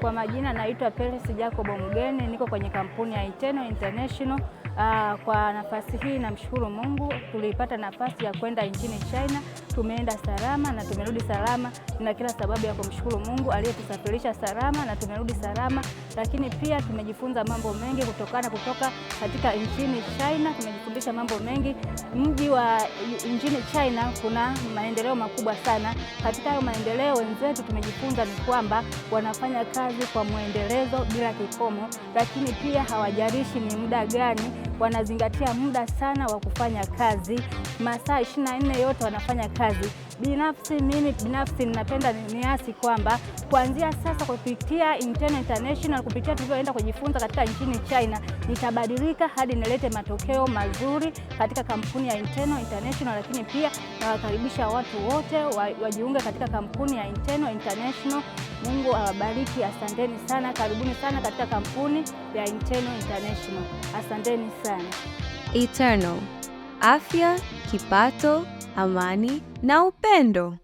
Kwa majina naitwa peres Jacob Mgeni, niko kwenye kampuni ya Iteno International Aa, ah, kwa nafasi hii namshukuru Mungu tulipata nafasi ya kwenda nchini China. Tumeenda salama na tumerudi salama, na kila sababu ya kumshukuru Mungu aliyetusafirisha salama na tumerudi salama. Lakini pia tumejifunza mambo mengi kutokana kutoka katika nchini China, tumejifundisha mambo mengi. Mji wa nchini China kuna maendeleo makubwa sana. Katika hayo maendeleo, wenzetu tumejifunza ni kwamba wanafanya kazi kwa mwendelezo bila kikomo, lakini pia hawajarishi ni muda gani wanazingatia muda sana wa kufanya kazi, masaa 24 yote wanafanya kazi binafsi, mimi binafsi ninapenda niasi kwamba kuanzia sasa kupitia Interna International, kupitia tulivyoenda kujifunza katika nchini China, nitabadilika hadi nilete matokeo mazuri katika kampuni ya Interna International. Lakini pia nawakaribisha watu wote wajiunge katika kampuni ya Interna International. Mungu awabariki. Asanteni sana, karibuni sana katika kampuni ya Interna International. Asanteni sana. Eternal, afya, kipato amani na upendo.